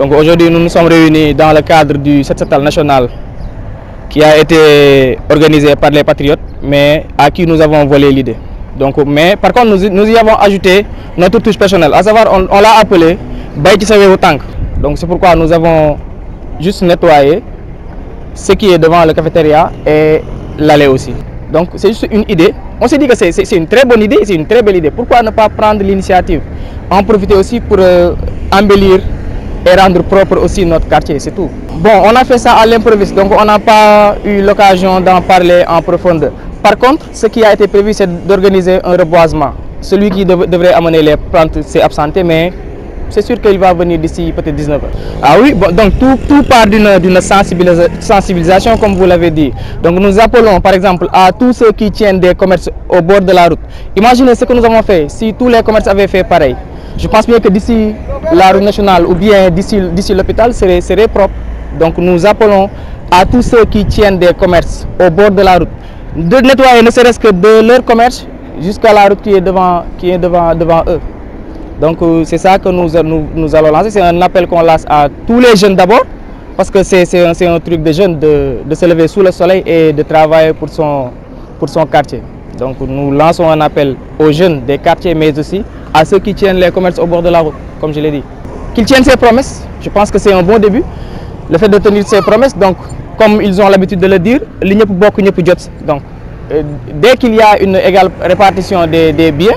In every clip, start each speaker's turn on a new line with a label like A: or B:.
A: Donc aujourd'hui, nous nous sommes réunis dans le cadre du 7 septembre national qui a été organisé par les patriotes, mais à qui nous avons volé l'idée. Donc, mais par contre, nous, y avons ajouté notre touche personnelle, à savoir, on, l'a appelé Baïti au Tank. Donc c'est pourquoi nous avons juste nettoyé ce qui est devant le cafétéria et l'allée aussi. Donc c'est juste une idée. On s'est dit que c'est une très bonne idée, c'est une très belle idée. Pourquoi ne pas prendre l'initiative En profiter aussi pour euh, embellir et rendre propre aussi notre quartier, c'est tout. Bon, on a fait ça à l'improviste, donc on n'a pas eu l'occasion d'en parler en profondeur. Par contre, ce qui a été prévu, c'est d'organiser un reboisement. Celui qui devrait amener les plantes s'est absenté, mais c'est sûr qu'il va venir d'ici peut-être 19 h Ah oui, donc tout, part d'une sensibilisation, comme vous l'avez dit. Donc nous appelons par exemple à tous ceux qui tiennent des commerces au bord de la route. Imaginez ce que nous avons fait si tous les commerces avaient fait pareil. Je pense bien que d'ici la rue nationale ou bien d'ici l'hôpital serait, serait propre. Donc nous appelons à tous ceux qui tiennent des commerces au bord de la route de nettoyer ne serait-ce que de leur commerce jusqu'à la route qui est devant, qui est devant, devant eux. Donc euh, c'est ça que nous, nous, allons lancer. C'est un appel qu'on lance à tous les jeunes d'abord, parce que c'est un, un, truc des jeunes de, se lever sous le soleil et de travailler pour son, pour son quartier. Donc nous lançons un appel aux jeunes des quartiers, mais aussi à ceux qui tiennent les commerces au bord de la route, comme je l'ai dit. Qu'ils tiennent ses promesses, je pense que c'est un bon début. Le fait de tenir ses promesses, donc comme ils ont l'habitude de le dire, l'Union pour beaucoup, Donc euh, dès qu'il y a une égale répartition des biens,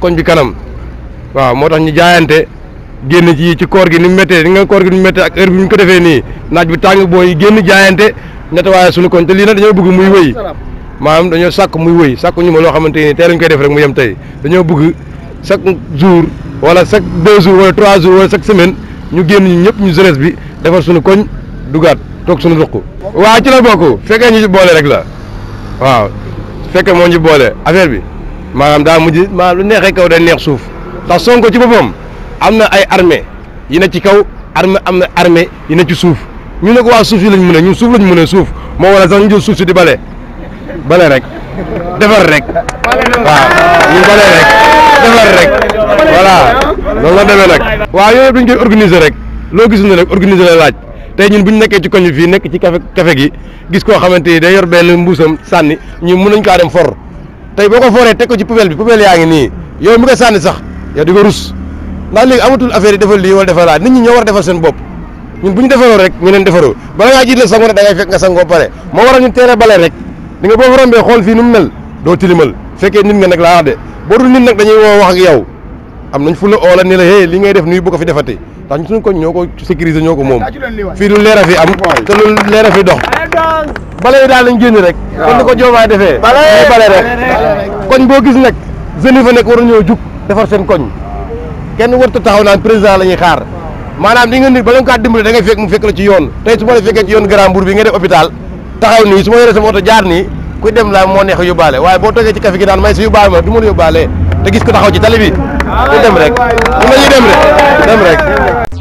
B: koñ bi kanam waaw moo tax ñu jaayante génn ci ci koor gi ni mu méttee ni nga koor gi ni mu méttee ak bi ñu ko defee nii naaj bi tàng booy génn jaayante nettoyé suñu koñ te lii nag dañoo bëgg muy wéy maanaam dañoo sàkk muy wéy sàkku ñu ma loo xamante ni tey lañ koy def rek mu yem tey dañoo bëgg chaque jour wala chaque deux jours wala trois jours wala semaine ñu génn ñu ñëpp ñu jeunesse bi defar suñu koñ dugaat toog suñu ruq waa ci la bokk fekkee ñu ci boole rek la waaw fekkee moo ñu boole affaire bi maanaam daa mujj maanaam lu neexee kaw day neex suuf ndax Sonko ci boppam am na ay armée yi ne ci kaw armée am na armée yi ne ci suuf ñu ne ko waa suuf yi lañ mën a ñun suuf lañ mën suuf moo waral sax ñu si di bale bale rek defar rek waaw ñu bale rek defar rek voilà loolu la nag waaw yooyu dañ koy organise rek loo gis ne rek organiser la laaj te ñun bu ñu nekkee ci koñ bi fii nekk ci kafe kafe gi gis koo xamante ni day yor benn mbuusam sànni ñu mën nañ kaa dem for tey boo ko fooree teg ko ci poubelle bi poubelle yaa ngi nii yow mi ko sànni sax yow di ko rus ndax léegi amatul affaire yi defal lii wala defal laa nit ñi ñoo war a seen bopp ñun bu ñu defaroo rek ñu leen defaroo bala ngaa jiite sangu a bale rek di nga boo fa rombee xool fii nu mu mel doo tilimal fekkee nit nga nag laa wax de boo dul nit nag dañuy woo wax ak am nañ fu la oola ni la hé li ngay def nuyu bu ko fi defati ndax ñu suñu koñ ñoo ko sécuriser ñoo ko moom fii lu leer a fi am te lu leer fi dox bale daal lañ génn rek kon ni ko Diomaye defee day bale rek koñ boo gis nag jeunes yi fa nekk waru ñoo jug defar seen koñ kenn warta taxaw naan président la ñuy xaar maanaam li nga nit bala nga kaa dimbale da ngay fekk mu fekk la ci yoon tey su ma la fekkee ci yoon Grand Mbour bi nga def hôpital taxaw nii su ma yoree sama oto jaar nii ku dem la moo neex yóbbaale waaye boo toogee ci café gi naan may si yóbbaale ma du ma la te gis ko taxaw ci tali bi ku dem rek mun nañuy